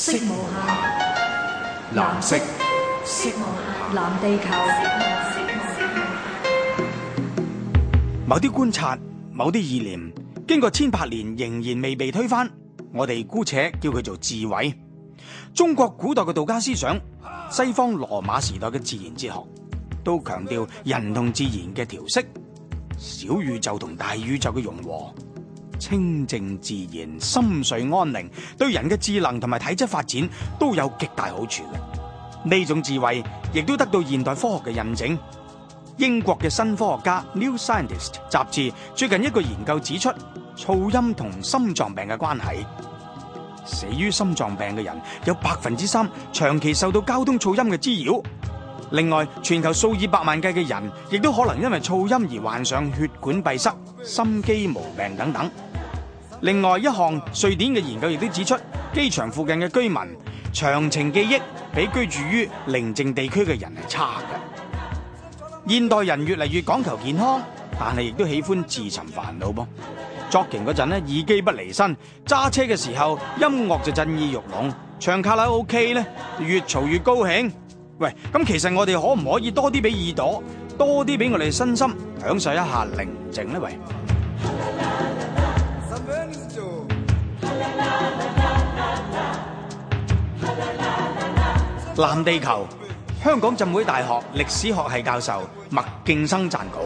色無限，藍色，藍色，色下，藍地球。地球某啲觀察，某啲意念，經過千百年仍然未被推翻，我哋姑且叫佢做智慧。中國古代嘅道家思想，西方羅馬時代嘅自然哲學，都強調人同自然嘅調適，小宇宙同大宇宙嘅融和。清靜自然、心水安寧，對人嘅智能同埋體質發展都有極大好處嘅。呢種智慧亦都得到現代科學嘅印證。英國嘅新科學家 New Scientist 雜誌最近一個研究指出，噪音同心臟病嘅關係。死於心臟病嘅人有百分之三長期受到交通噪音嘅滋擾。另外，全球數以百萬計嘅人亦都可能因為噪音而患上血管閉塞、心肌毛病等等。另外一項瑞典嘅研究亦都指出，機場附近嘅居民長程記憶比居住於寧靜地區嘅人係差嘅。現代人越嚟越講求健康，但係亦都喜歡自尋煩惱噃。作勁嗰陣呢，耳機不離身；揸車嘅時候，音樂就震耳欲聾；唱卡拉 OK 呢，越嘈越高興。喂，咁其實我哋可唔可以多啲俾耳朵，多啲俾我哋身心享受一下寧靜呢？喂。藍地球，香港浸會大學歷史學系教授麥勁生撰稿。